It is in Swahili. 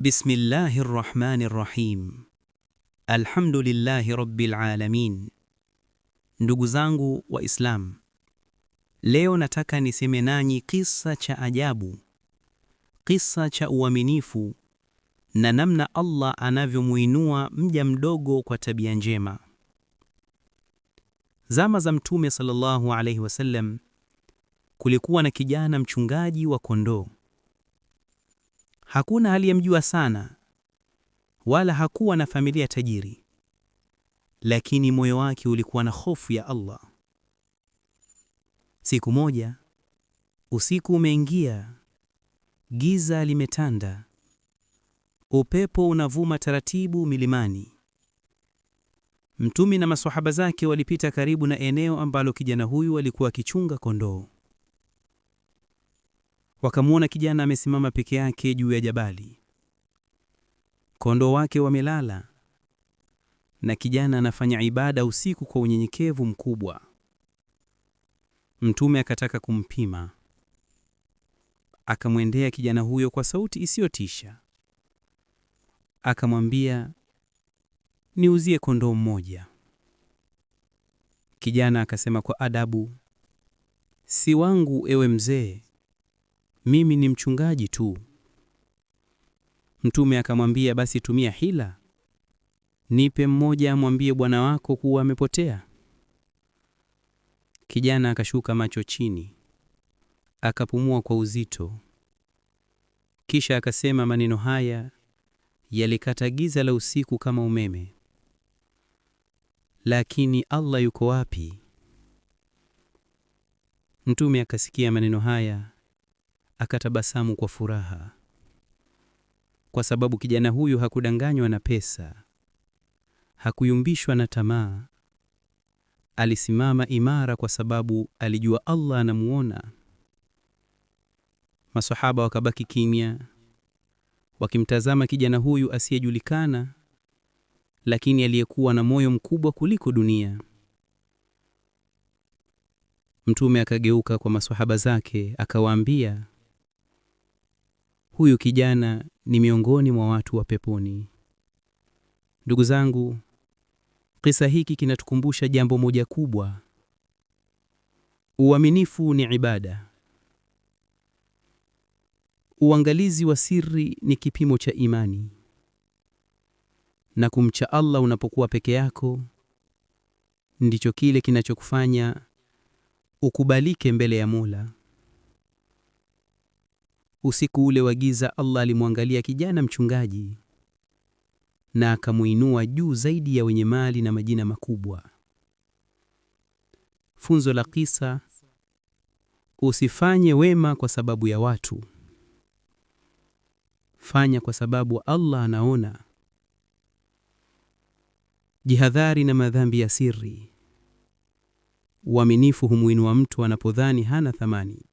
بسم الله الرحمن الرحيم الحمد لله رب العالمين. Ndugu zangu waislam leo nataka niseme nanyi kisa cha ajabu, kisa cha uaminifu na namna Allah anavyomuinua mja mdogo kwa tabia njema. Zama za Mtume sallallahu alayhi wasallam, kulikuwa na kijana mchungaji wa kondoo Hakuna aliyemjua sana, wala hakuwa na familia tajiri, lakini moyo wake ulikuwa na hofu ya Allah. Siku moja, usiku umeingia, giza limetanda, upepo unavuma taratibu milimani. Mtume na maswahaba zake walipita karibu na eneo ambalo kijana huyu alikuwa akichunga kondoo wakamwona kijana amesimama peke yake juu ya jabali, kondoo wake wamelala, na kijana anafanya ibada usiku kwa unyenyekevu mkubwa. Mtume akataka kumpima, akamwendea kijana huyo kwa sauti isiyotisha, akamwambia, niuzie kondoo mmoja. Kijana akasema kwa adabu, si wangu, ewe mzee mimi ni mchungaji tu. Mtume akamwambia, basi tumia hila, nipe mmoja amwambie bwana wako kuwa amepotea. Kijana akashuka macho chini, akapumua kwa uzito, kisha akasema maneno haya yalikata giza la usiku kama umeme. Lakini Allah yuko wapi? Mtume akasikia maneno haya akatabasamu kwa furaha, kwa sababu kijana huyu hakudanganywa na pesa, hakuyumbishwa na tamaa. Alisimama imara kwa sababu alijua Allah anamuona. Masahaba wakabaki kimya, wakimtazama kijana huyu asiyejulikana, lakini aliyekuwa na moyo mkubwa kuliko dunia. Mtume akageuka kwa masohaba zake akawaambia huyu kijana ni miongoni mwa watu wa peponi. Ndugu zangu, kisa hiki kinatukumbusha jambo moja kubwa: uaminifu ni ibada. Uangalizi wa siri ni kipimo cha imani, na kumcha Allah unapokuwa peke yako ndicho kile kinachokufanya ukubalike mbele ya Mola. Usiku ule wa giza, Allah alimwangalia kijana mchungaji na akamuinua juu zaidi ya wenye mali na majina makubwa. Funzo la kisa: usifanye wema kwa sababu ya watu, fanya kwa sababu Allah anaona. Jihadhari na madhambi ya siri. Uaminifu humuinua mtu anapodhani hana thamani.